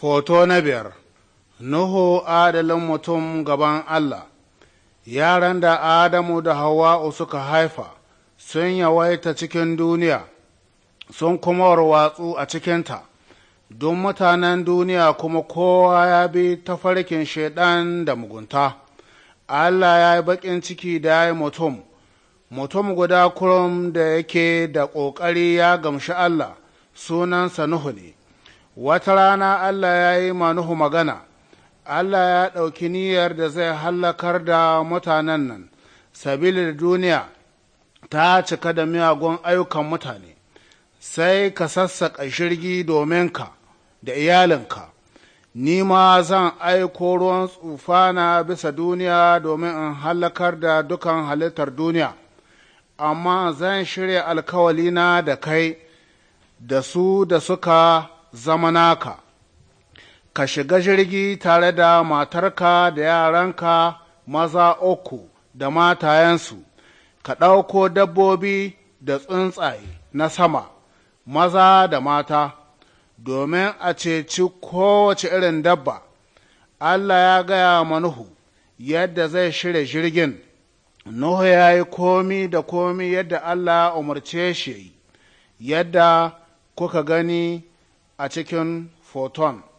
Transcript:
Foto na biyar Nuhu adalin mutum gaban Allah Yaran da Adamu da Hawa'u suka haifa sun yawaita cikin duniya, sun kuma warwatsu a cikinta, don mutanen duniya kuma kowa ya bi tafarkin shaidan da mugunta. Allah ya yi baƙin ciki da ya yi mutum, mutum guda kurum da yake da ƙoƙari ya gamshi Allah, sunansa Nuhu ne. wata rana Allah ya yi manuhu magana, Allah ya ɗauki niyyar da zai hallakar da mutanen nan, sabilin duniya ta cika da miyagun ayyukan mutane, sai ka sassaƙa shirgi domin ka da iyalinka, ni ma zan aiko ruwan tsufana bisa duniya domin in hallakar da dukan halittar duniya, amma zan shirya alkawalina da kai da su da suka zama naka, ka shiga jirgi tare da matarka da yaranka maza uku da matayensu, ka ɗauko dabbobi da tsuntsaye na sama, maza da mata, domin a ceci kowace irin dabba. Allah ya gaya ma Nuhu yadda zai shirya jirgin, Nuhu ya yi komi da komi yadda Allah umarce shi, yadda kuka gani a cikin foton